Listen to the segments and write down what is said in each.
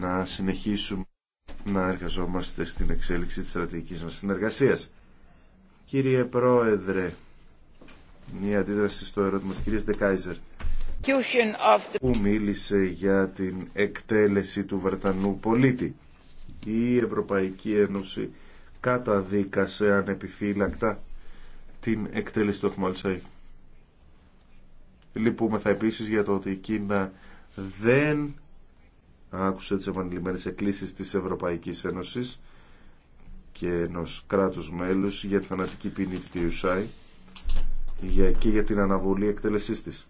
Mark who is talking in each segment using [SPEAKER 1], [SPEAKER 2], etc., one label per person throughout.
[SPEAKER 1] να συνεχίσουμε να εργαζόμαστε στην εξέλιξη της στρατηγικής μας συνεργασίας. Κύριε Πρόεδρε, μία αντίδραση στο ερώτημα της κυρίας Δεκάιζερ που μίλησε για την εκτέλεση του Βρετανού πολίτη. Η Ευρωπαϊκή Ένωση καταδίκασε ανεπιφύλακτα την εκτέλεση του Αχμαλσαϊ. Λυπούμεθα επίσης για το ότι η Κίνα δεν άκουσε τις επανειλημμένες εκκλήσεις της Ευρωπαϊκής Ένωσης και ενό κράτους μέλους για τη θανατική ποινή του Ιουσάη και για την αναβολή εκτέλεσής της.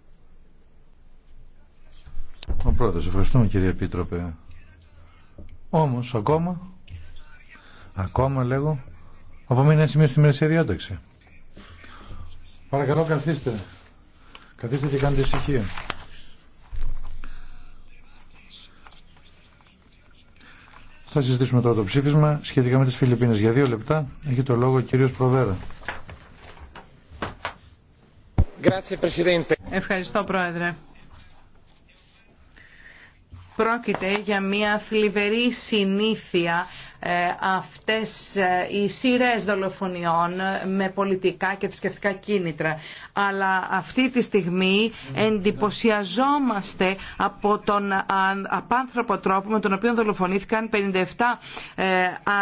[SPEAKER 2] Ο πρώτος, ευχαριστούμε κύριε Επίτροπε. Όμως ακόμα, ακόμα λέγω, απομείνει ένα σημείο στη μέση διάταξη. Παρακαλώ καθίστε. Καθίστε και κάντε ησυχία. Θα συζητήσουμε τώρα το ψήφισμα σχετικά με τις Φιλιππίνες. Για δύο λεπτά έχει το λόγο ο κύριος Προβέρα.
[SPEAKER 3] Ευχαριστώ Πρόεδρε. Πρόκειται για μια θλιβερή συνήθεια ε, αυτές ε, οι σειρές δολοφονιών με πολιτικά και θρησκευτικά κίνητρα. Αλλά αυτή τη στιγμή ναι, ναι. εντυπωσιαζόμαστε από τον απάνθρωπο τρόπο με τον οποίο δολοφονήθηκαν 57 ε,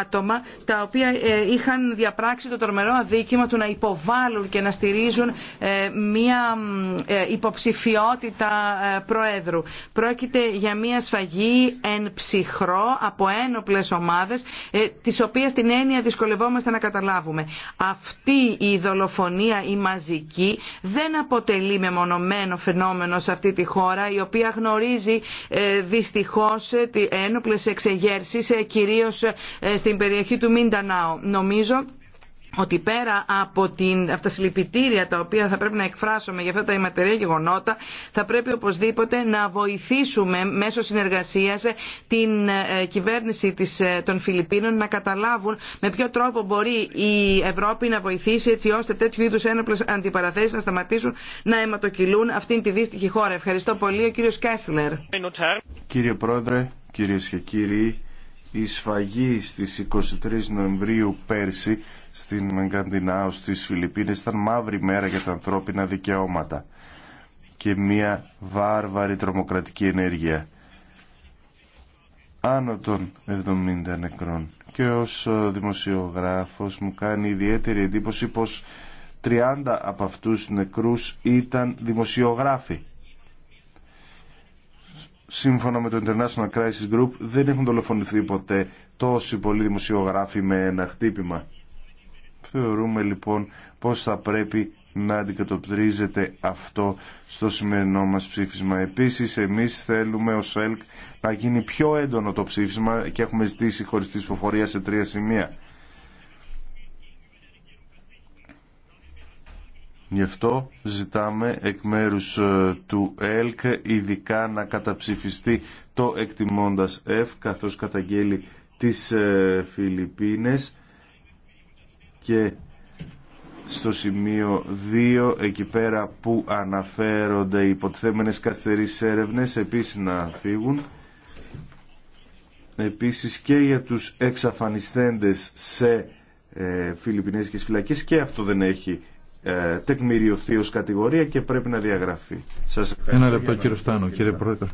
[SPEAKER 3] άτομα τα οποία είχαν διαπράξει το τρομερό αδίκημα του να υποβάλλουν και να στηρίζουν μία υποψηφιότητα Προέδρου. Πρόκειται για μία σφαγή εν ψυχρό από ένοπλες ομάδες ε, τις οποίες την έννοια δυσκολευόμαστε να καταλάβουμε. Αυτή η δολοφονία η μαζική δεν αποτελεί μεμονωμένο φαινόμενο σε αυτή τη χώρα η οποία γνωρίζει ε, δυστυχώς ε, ένοπλες εξεγέρσεις κυρίως στην περιοχή του Μιντανάου. Νομίζω ότι πέρα από, την, από τα συλληπιτήρια τα οποία θα πρέπει να εκφράσουμε για αυτά τα αιματερία γεγονότα, θα πρέπει οπωσδήποτε να βοηθήσουμε μέσω συνεργασίας την ε, κυβέρνηση ε, των Φιλιππίνων να καταλάβουν με ποιο τρόπο μπορεί η Ευρώπη να βοηθήσει έτσι ώστε τέτοιου είδους ένοπλες αντιπαραθέσεις να σταματήσουν να αιματοκυλούν αυτήν τη δύστιχη χώρα. Ευχαριστώ πολύ. Ο κύριος Κέστλερ.
[SPEAKER 1] Κύριε Πρόεδρε, κύριε και κύριοι, η σφαγή στις 23 Νοεμβρίου πέρσι στην Μεγκαντινάου στις Φιλιππίνες ήταν μαύρη μέρα για τα ανθρώπινα δικαιώματα και μια βάρβαρη τρομοκρατική ενέργεια άνω των 70 νεκρών και ως ε, δημοσιογράφος μου κάνει ιδιαίτερη εντύπωση πως 30 από αυτούς νεκρούς ήταν δημοσιογράφοι σύμφωνα με το International Crisis Group δεν έχουν δολοφονηθεί ποτέ τόσοι πολλοί δημοσιογράφοι με ένα χτύπημα. Θεωρούμε λοιπόν πως θα πρέπει να αντικατοπτρίζεται αυτό στο σημερινό μας ψήφισμα. Επίσης, εμείς θέλουμε ως ΕΛΚ να γίνει πιο έντονο το ψήφισμα και έχουμε ζητήσει χωριστή σφοφορία σε τρία σημεία. Γι' αυτό ζητάμε εκ μέρους ε, του ΕΛΚ ειδικά να καταψηφιστεί το εκτιμώντας F καθώς καταγγέλει τις ε, Φιλιππίνες και στο σημείο 2 εκεί πέρα που αναφέρονται οι υποτιθέμενες καθυστερήσεις έρευνες επίσης να φύγουν επίσης και για τους εξαφανιστέντες σε ε, φιλιππινέζικες φυλακές και αυτό δεν έχει ε, τεκμηριωθεί ως κατηγορία και πρέπει
[SPEAKER 2] να διαγραφεί. Ένα λεπτό κύριο Στάνο, κύριε Πρόεδρε.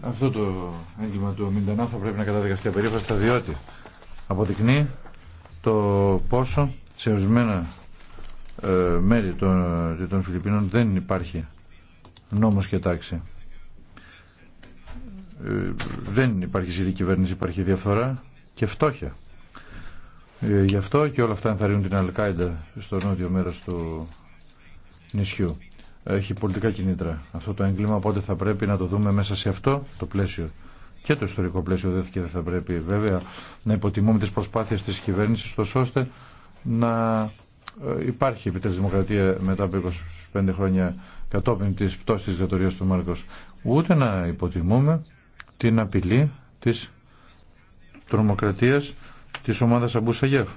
[SPEAKER 2] Αυτό το έγκλημα του Μιντανά θα πρέπει να καταδικαστεί απερίφαστα διότι αποδεικνύει το πόσο σε ορισμένα ε, μέρη των, των Φιλιππίνων δεν υπάρχει νόμος και τάξη. Ε, δεν υπάρχει σειρή κυβέρνηση, υπάρχει διαφθορά και φτώχεια. Ε, γι' αυτό και όλα αυτά ενθαρρύνουν την Αλκάιντα στο νότιο μέρο του νησιού. Έχει πολιτικά κινήτρα αυτό το έγκλημα, οπότε θα πρέπει να το δούμε μέσα σε αυτό το πλαίσιο. Και το ιστορικό πλαίσιο δεν θα πρέπει βέβαια να υποτιμούμε τι προσπάθειε τη κυβέρνηση, ώστε να ε, υπάρχει επιτέλου δημοκρατία μετά από 25 χρόνια κατόπιν τη πτώση τη δικτατορία του Μάρκο. Ούτε να υποτιμούμε την απειλή της τρομοκρατίας της ομάδας Σαγεύ.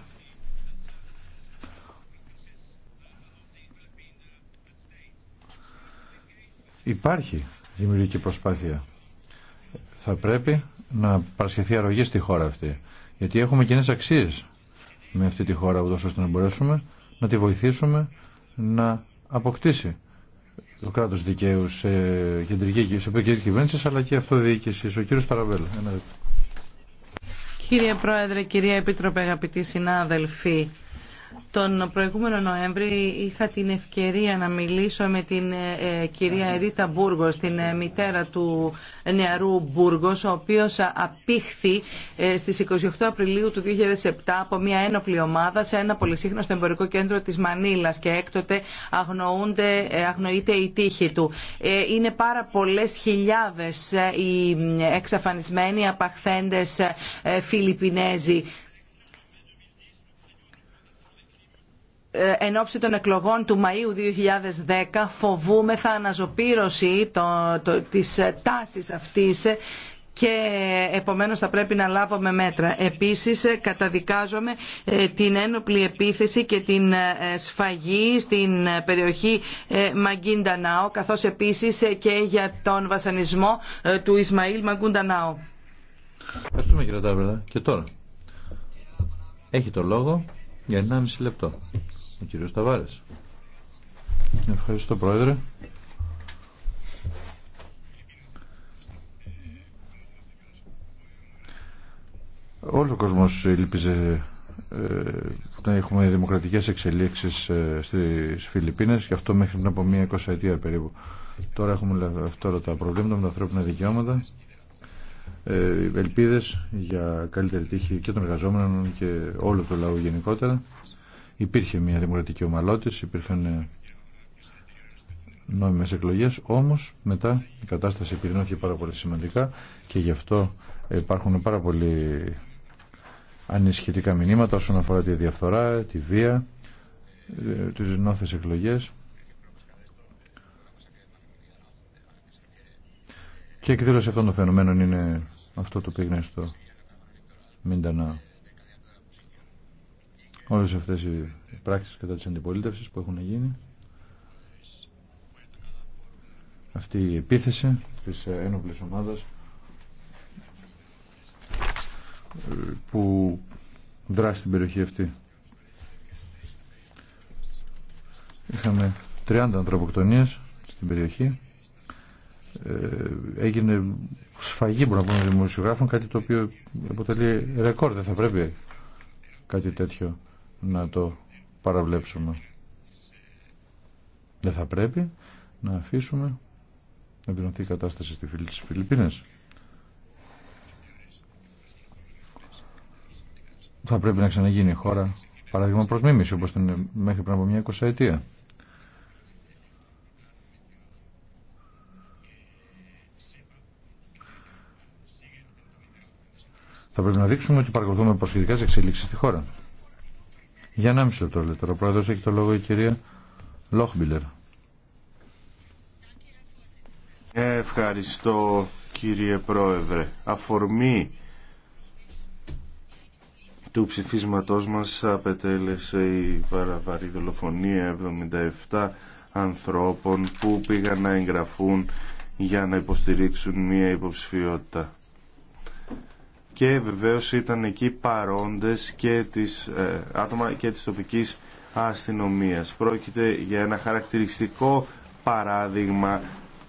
[SPEAKER 2] Υπάρχει δημιουργική προσπάθεια. Θα πρέπει να παρασχεθεί αρρωγή στη χώρα αυτή. Γιατί έχουμε κοινέ αξίε με αυτή τη χώρα, ούτω ώστε να μπορέσουμε να τη βοηθήσουμε να αποκτήσει το κράτο δικαίου σε κεντρική, σε κυβέρνηση, αλλά και αυτοδιοίκηση. Ο κύριο Ταραβέλ.
[SPEAKER 3] Κύριε Πρόεδρε, κυρία Επίτροπε, αγαπητοί συνάδελφοι, τον προηγούμενο Νοέμβρη είχα την ευκαιρία να μιλήσω με την ε, κυρία Ερίτα Μπούργος, την ε, μητέρα του νεαρού Μπούργος, ο οποίος απήχθη ε, στις 28 Απριλίου του 2007 από μια ένοπλη ομάδα σε ένα πολυσύχνωστο εμπορικό κέντρο της Μανίλας και έκτοτε αγνοούνται, αγνοείται η τύχη του. Είναι πάρα πολλές χιλιάδες οι εξαφανισμένοι απαχθέντες Φιλιππινέζοι Ε, εν ώψη των εκλογών του Μαΐου 2010 φοβούμεθα αναζωπήρωση το, το, της ε, τάσης αυτής και επομένως θα πρέπει να λάβουμε μέτρα. Επίσης ε, καταδικάζομαι την ένοπλη επίθεση και την σφαγή στην περιοχή Μαγκίντα καθώς επίσης και για τον βασανισμό του Ισμαήλ Μαγκούντα Νάο.
[SPEAKER 2] Ευχαριστούμε κύριε Και τώρα έχει το λόγο για 1,5 λεπτό. Ο κύριος Ταβάρες. Ευχαριστώ Πρόεδρε. Όλο ο κόσμος ελπίζε ε, να έχουμε δημοκρατικές εξελίξεις ε, στις Φιλιππίνες και αυτό μέχρι από μία εικοσαετία περίπου. Τώρα έχουμε τώρα τα προβλήματα με τα ανθρώπινα δικαιώματα ε, ελπίδες για καλύτερη τύχη και των εργαζόμενων και όλο το λαό γενικότερα. Υπήρχε μια δημοκρατική ομαλότηση, υπήρχαν ε, νόμιμες εκλογές, όμως μετά η κατάσταση επιδεινώθηκε πάρα πολύ σημαντικά και γι' αυτό υπάρχουν πάρα πολλοί ανισχυτικά μηνύματα όσον αφορά τη διαφθορά, τη βία, ε, τις νόθες εκλογές Και εκδήλωση αυτών των φαινομένων είναι αυτό το πήγαινε στο Μιντανά. Όλες αυτές οι πράξεις κατά της αντιπολίτευσης που έχουν γίνει αυτή η επίθεση της ένοπλης ομάδας που δράσει στην περιοχή αυτή. Είχαμε 30 ανθρωποκτονίες στην περιοχή ε, έγινε σφαγή μπορούμε να πούμε δημοσιογράφων κάτι το οποίο αποτελεί ρεκόρ δεν θα πρέπει κάτι τέτοιο να το παραβλέψουμε δεν θα πρέπει να αφήσουμε να πειραθεί η κατάσταση στη φίλη Φιλιππίνες θα πρέπει να ξαναγίνει η χώρα παράδειγμα προς μίμηση όπως ήταν ε, μέχρι πριν από μια εικοσαετία Θα πρέπει να δείξουμε ότι παρακολουθούμε προσεκτικά τι εξελίξει στη χώρα. Για ένα μισό λεπτό, λέει Ο πρόεδρο έχει το λόγο η κυρία Λόχμπιλερ.
[SPEAKER 1] Ευχαριστώ κύριε Πρόεδρε. Αφορμή του ψηφίσματός μας απετέλεσε η παραβαρή δολοφονία 77 ανθρώπων που πήγαν να εγγραφούν για να υποστηρίξουν μία υποψηφιότητα και βεβαίως ήταν εκεί παρόντες και της, ε, άτομα και της τοπικής αστυνομίας. Πρόκειται για ένα χαρακτηριστικό παράδειγμα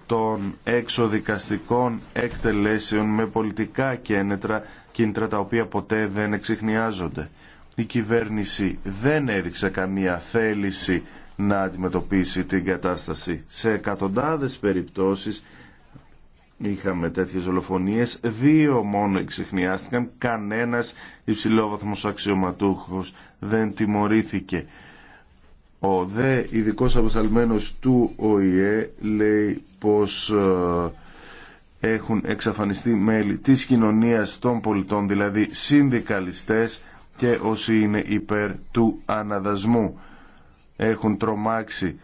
[SPEAKER 1] των εξοδικαστικών εκτελέσεων με πολιτικά κέντρα, κίνητρα τα οποία ποτέ δεν εξηχνιάζονται. Η κυβέρνηση δεν έδειξε καμία θέληση να αντιμετωπίσει την κατάσταση. Σε εκατοντάδες περιπτώσεις είχαμε τέτοιες ολοφονίες, δύο μόνο εξεχνιάστηκαν, κανένας υψηλόβαθμος αξιωματούχος δεν τιμωρήθηκε. Ο δε ειδικό αποσαλμένος του ΟΗΕ λέει πως ε, έχουν εξαφανιστεί μέλη της κοινωνίας των πολιτών, δηλαδή συνδικαλιστές και όσοι είναι υπέρ του αναδασμού. Έχουν τρομάξει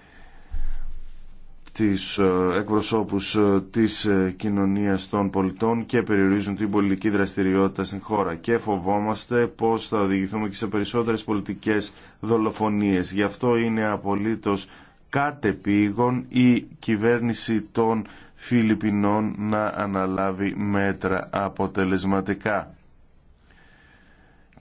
[SPEAKER 1] τις ε, εκπροσώπους ε, της ε, κοινωνίας των πολιτών και περιορίζουν την πολιτική δραστηριότητα στην χώρα και φοβόμαστε πως θα οδηγηθούμε και σε περισσότερες πολιτικές δολοφονίες. Γι' αυτό είναι απολύτως κατεπήγον η κυβέρνηση των Φιλιππινών να αναλάβει μέτρα αποτελεσματικά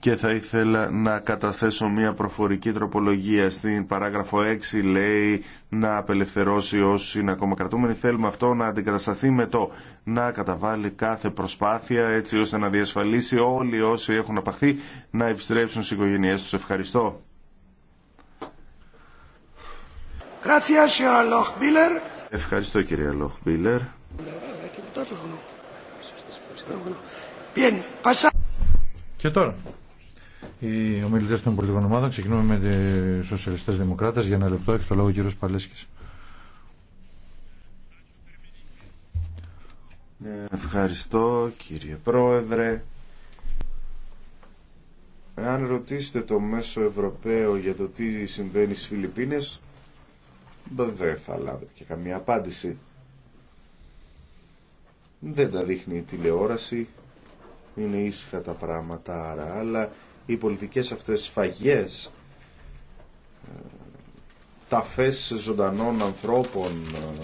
[SPEAKER 1] και θα ήθελα να καταθέσω μια προφορική τροπολογία στην παράγραφο 6 λέει να απελευθερώσει όσοι είναι ακόμα κρατούμενοι θέλουμε αυτό να αντικατασταθεί με το να καταβάλει κάθε προσπάθεια έτσι ώστε να διασφαλίσει όλοι όσοι έχουν απαχθεί να επιστρέψουν στις οικογένειές τους ευχαριστώ Ευχαριστώ κύριε Λοχμπίλερ
[SPEAKER 2] και τώρα οι ομιλητέ των πολιτικών ομάδων ξεκινούμε με του σοσιαλιστέ δημοκράτε. Για ένα λεπτό έχει το λόγο ο κύριο Παλέσκη.
[SPEAKER 1] Ευχαριστώ κύριε Πρόεδρε. Αν ρωτήσετε το μέσο Ευρωπαίο για το τι συμβαίνει στις Φιλιππίνες, δεν θα λάβετε και καμία απάντηση. Δεν τα δείχνει η τηλεόραση, είναι ήσυχα τα πράγματα άρα, αλλά οι πολιτικές αυτές φαγές ε, ταφές ζωντανών ανθρώπων ε,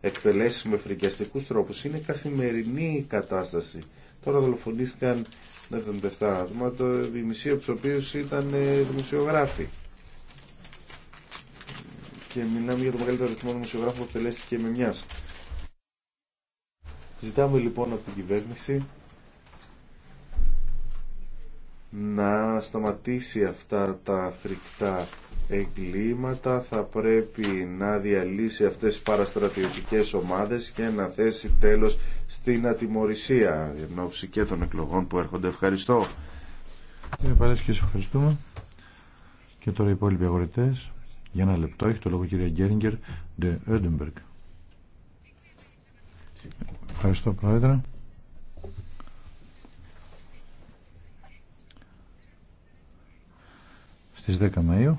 [SPEAKER 1] εκτελέσει με φρικιαστικούς τρόπους είναι καθημερινή κατάσταση τώρα δολοφονήθηκαν 77 άτομα η μισή από τους οποίους ήταν ε, δημοσιογράφοι και μιλάμε για το μεγαλύτερο αριθμό δημοσιογράφων που εκτελέστηκε με μιας Ζητάμε λοιπόν από την κυβέρνηση να σταματήσει αυτά τα φρικτά εγκλήματα θα πρέπει να διαλύσει αυτές τις παραστρατιωτικές ομάδες και να θέσει τέλος στην ατιμορρησία εν και των εκλογών που έρχονται. Ευχαριστώ.
[SPEAKER 2] Κύριε και σε ευχαριστούμε. Και τώρα οι υπόλοιποι αγορητές. Για ένα λεπτό έχει το λόγο κυρία Γκέριγκερ Ντε Ευχαριστώ Πρόεδρε. Στις 10 Μαΐου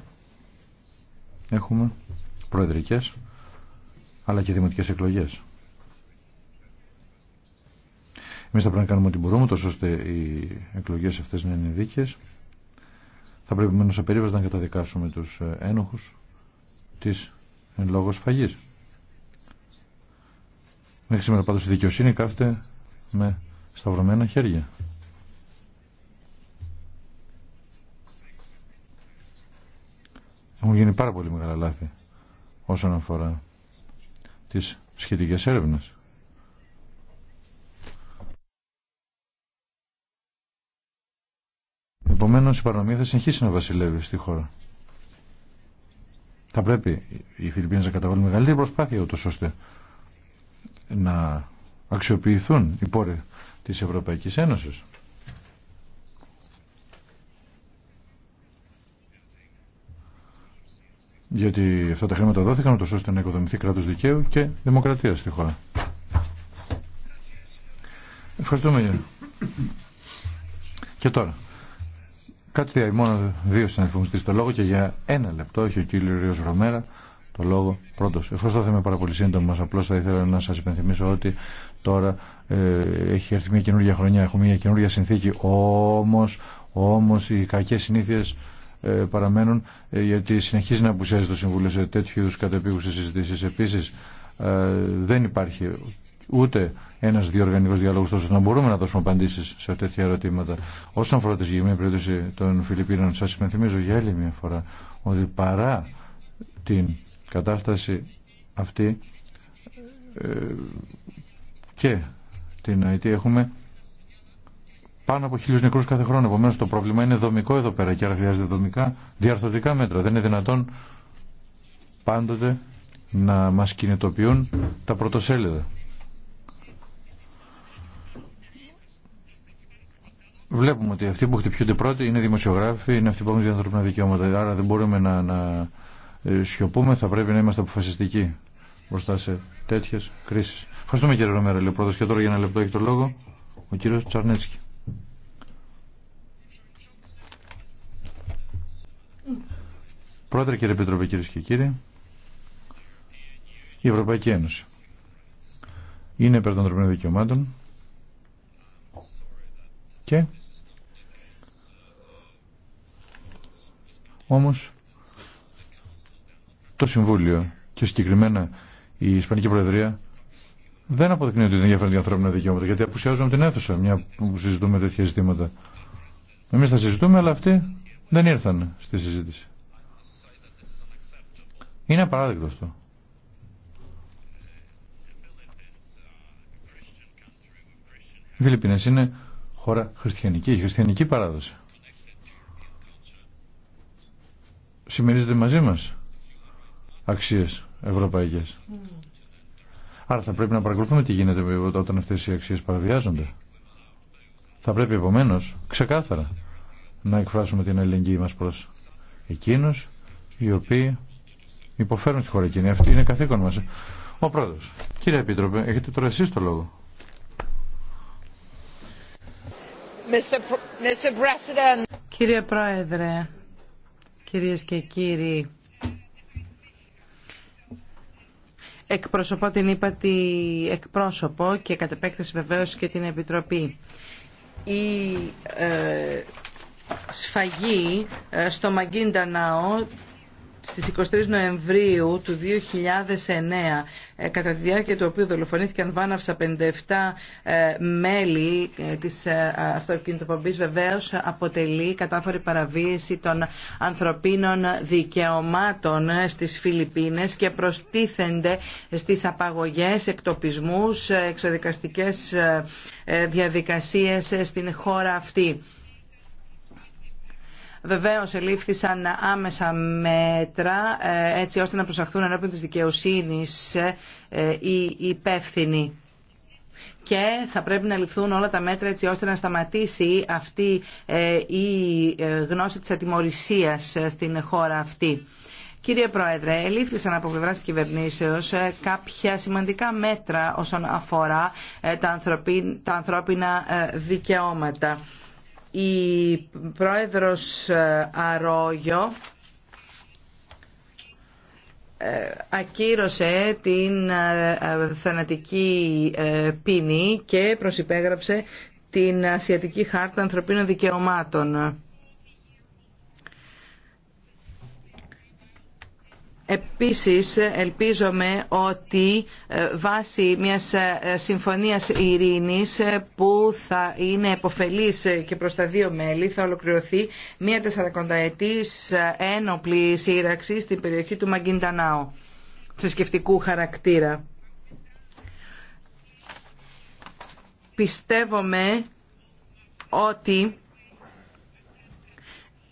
[SPEAKER 2] έχουμε προεδρικές αλλά και δημοτικές εκλογές. Εμείς θα πρέπει να κάνουμε ό,τι μπορούμε, τόσο ώστε οι εκλογές αυτές να είναι δίκαιες. Θα πρέπει μένω σε περίβαση να καταδικάσουμε τους ε, ένοχους της εν λόγω σφαγής. Μέχρι σήμερα πάντως η δικαιοσύνη κάθεται με σταυρωμένα χέρια. Έχουν γίνει πάρα πολύ μεγάλα λάθη όσον αφορά τις σχετικές έρευνες. Επομένως η παρανομία θα συνεχίσει να βασιλεύει στη χώρα. Θα πρέπει οι Φιλιππίνες να καταβάλουν μεγαλύτερη προσπάθεια ούτως ώστε να αξιοποιηθούν οι πόροι της Ευρωπαϊκής Ένωσης. γιατί αυτά τα χρήματα δόθηκαν ούτως ώστε να οικοδομηθεί κράτος δικαίου και δημοκρατία στη χώρα. Ευχαριστούμε Και τώρα, κάτσε μόνο δύο συναδελφούς το λόγο και για ένα λεπτό έχει ο κύριος Ρωμέρα το λόγο πρώτος. Ευχαριστώ θα είμαι πάρα πολύ σύντομα. Απλώς θα ήθελα να σας υπενθυμίσω ότι τώρα ε, έχει έρθει μια καινούργια χρονιά, έχουμε μια καινούργια συνθήκη. Όμως, όμως οι κακές συνήθειες ε, παραμένουν ε, γιατί συνεχίζει να απουσιάζει το Συμβούλιο σε τέτοιου κατεπίγουσε κατεπίγουσες συζητήσεις. Επίσης ε, δεν υπάρχει ούτε ένας διοργανικός διάλογος τόσο να μπορούμε να δώσουμε απαντήσεις σε τέτοια ερωτήματα. Όσον αφορά τη συγκεκριμένη περίπτωση των Φιλιππίνων, σας υπενθυμίζω για άλλη μια φορά ότι παρά την κατάσταση αυτή και την ΑΕΤ έχουμε πάνω από χίλιου νεκρού κάθε χρόνο. Επομένω το πρόβλημα είναι δομικό εδώ πέρα και άρα χρειάζεται δομικά διαρθωτικά μέτρα. Δεν είναι δυνατόν πάντοτε να μα κινητοποιούν τα πρωτοσέλιδα. Βλέπουμε ότι αυτοί που χτυπιούνται πρώτοι είναι δημοσιογράφοι, είναι αυτοί που έχουν ανθρώπινα δικαιώματα. Άρα δεν μπορούμε να, να ε, σιωπούμε, θα πρέπει να είμαστε αποφασιστικοί μπροστά σε τέτοιε κρίσει. Ευχαριστούμε κύριε Ρομέρα, λέει και τώρα για ένα λεπτό έχει το λόγο ο κύριο Τσαρνέτσκι. Πρόεδρε, κύριε Επιτροπή, κυρίε και κύριοι, η Ευρωπαϊκή Ένωση είναι υπέρ των ανθρωπίνων δικαιωμάτων και όμως το Συμβούλιο και συγκεκριμένα η Ισπανική Προεδρία δεν αποδεικνύει ότι δεν ενδιαφέρονται για ανθρώπινα δικαιώματα γιατί απουσιάζουν από την αίθουσα μια που συζητούμε τέτοια ζητήματα. Εμείς θα συζητούμε αλλά αυτοί δεν ήρθαν στη συζήτηση. Είναι απαράδεκτο αυτό. Οι Φιλιππίνες είναι χώρα χριστιανική, χριστιανική παράδοση. Συμμερίζονται μαζί μας αξίες ευρωπαϊκές. Άρα θα πρέπει να παρακολουθούμε τι γίνεται όταν αυτές οι αξίες παραβιάζονται. Θα πρέπει επομένω ξεκάθαρα να εκφράσουμε την αλληλεγγύη μας προς εκείνους οι οποίοι υποφέρουν στη χώρα εκείνη. Αυτή είναι καθήκον μας. Ο πρόεδρος. Κύριε Επίτροπε, έχετε τώρα εσείς το λόγο.
[SPEAKER 3] Κύριε Πρόεδρε, κυρίες και κύριοι, εκπροσωπώ την ύπατη εκπρόσωπο και κατ' επέκταση βεβαίως και την Επιτροπή. Η ε, σφαγή ε, στο Μαγκίντα Ναό στις 23 Νοεμβρίου του 2009 ε, κατά τη διάρκεια του οποίου δολοφονήθηκαν βάναυσα 57 ε, μέλη ε, της αυτοκινητοπομπής βεβαίως αποτελεί κατάφορη παραβίαση των ανθρωπίνων δικαιωμάτων στις Φιλιππίνες και προστίθενται στις απαγωγές, εκτοπισμούς, εξοδικαστικές διαδικασίες στην χώρα αυτή. Βεβαίω ελήφθησαν άμεσα μέτρα ε, έτσι ώστε να προσαχθούν ενώπιον τη δικαιοσύνης ε, ε, οι υπεύθυνοι και θα πρέπει να ληφθούν όλα τα μέτρα έτσι ώστε να σταματήσει αυτή η γνώση της ατιμορρησίας στην χώρα αυτή. Κύριε Πρόεδρε, ελήφθησαν από πλευρά τη κυβερνήσεω κάποια σημαντικά μέτρα όσον αφορά τα ανθρώπινα δικαιώματα η πρόεδρος ε, Αρόγιο ε, ακύρωσε την ε, θανατική πίνη και προσυπέγραψε την Ασιατική Χάρτα Ανθρωπίνων Δικαιωμάτων. Επίσης ελπίζομαι ότι ε, βάσει μιας ε, συμφωνίας ειρήνης ε, που θα είναι εποφελής και προς τα δύο μέλη θα ολοκληρωθεί μια τεσσαρακονταετής ένοπλη σύραξη στην περιοχή του Μαγκιντανάου θρησκευτικού χαρακτήρα. Πιστεύομαι ότι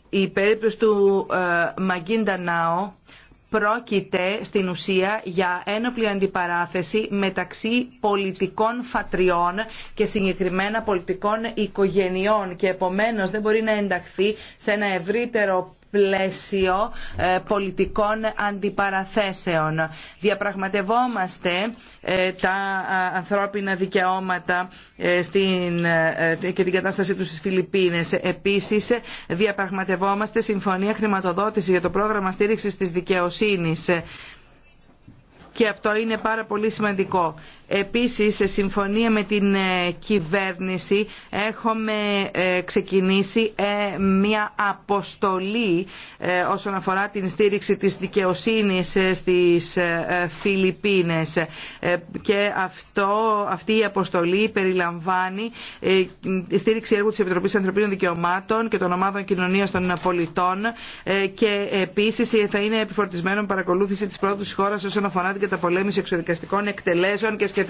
[SPEAKER 3] η περίπτωση του Μαγκίντα πρόκειται στην ουσία για ένοπλη αντιπαράθεση μεταξύ πολιτικών φατριών και συγκεκριμένα πολιτικών οικογενειών και επομένως δεν μπορεί να ενταχθεί σε ένα ευρύτερο πλαίσιο ε, πολιτικών αντιπαραθέσεων. Διαπραγματευόμαστε ε, τα ανθρώπινα δικαιώματα ε, στην, και την κατάστασή τους στις Φιλιππίνες. Επίσης, διαπραγματευόμαστε συμφωνία χρηματοδότηση για το πρόγραμμα στήριξης της δικαιοσύνης και αυτό είναι πάρα πολύ σημαντικό. Επίσης, σε συμφωνία με την ε, κυβέρνηση, έχουμε ε, ξεκινήσει ε, μια αποστολή όσον αφορά την στήριξη της δικαιοσύνης στις Φιλιππίνες. Και αυτό, αυτή η αποστολή περιλαμβάνει στήριξη έργου της Επιτροπής Ανθρωπίνων Δικαιωμάτων και των Ομάδων Κοινωνίας των Πολιτών και επίσης θα είναι επιφορτισμένο παρακολούθηση της πρόοδου της χώρας όσον αφορά την καταπολέμηση εξοδικαστικών εκτελέσεων και E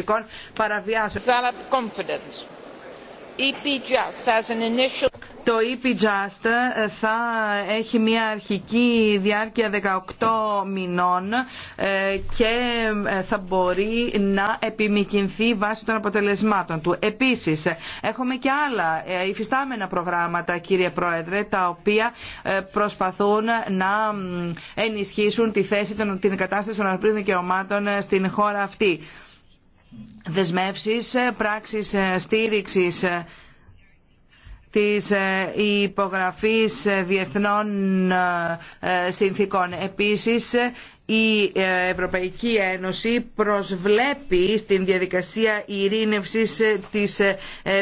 [SPEAKER 3] Το EPJUST ε, θα έχει μια αρχική διάρκεια 18 μηνών ε, και ε, θα μπορεί να επιμηκυνθεί βάσει των αποτελεσμάτων του. Επίσης, έχουμε και άλλα υφιστάμενα προγράμματα, κύριε Πρόεδρε, τα οποία προσπαθούν να ενισχύσουν τη θέση, την κατάσταση των ανθρωπίνων δικαιωμάτων στην χώρα αυτή δεσμεύσεις, ε, πράξεις ε, στήριξης ε, της υπογραφής διεθνών συνθήκων. Επίσης, η ε, Ευρωπαϊκή Ένωση προσβλέπει στην διαδικασία ειρήνευσης ε, της ε,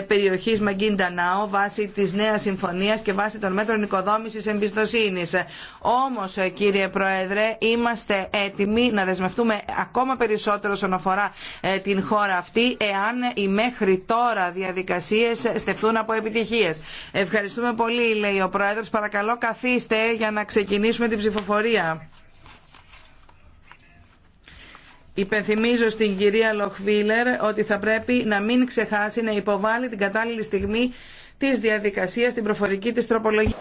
[SPEAKER 3] περιοχής Μαγκίντα βάσει της νέας συμφωνίας και βάσει των μέτρων οικοδόμησης εμπιστοσύνης. Όμως κύριε Πρόεδρε είμαστε έτοιμοι να δεσμευτούμε ακόμα περισσότερο όσον αφορά την χώρα αυτή εάν οι μέχρι τώρα διαδικασίες στεφθούν από επιτυχίες. Ευχαριστούμε πολύ λέει ο Πρόεδρος. Παρακαλώ καθίστε για να ξεκινήσουμε την ψηφοφορία. Υπενθυμίζω στην κυρία Λοχβίλερ ότι θα πρέπει να μην ξεχάσει να υποβάλει την κατάλληλη στιγμή της διαδικασίας την προφορική της τροπολογία.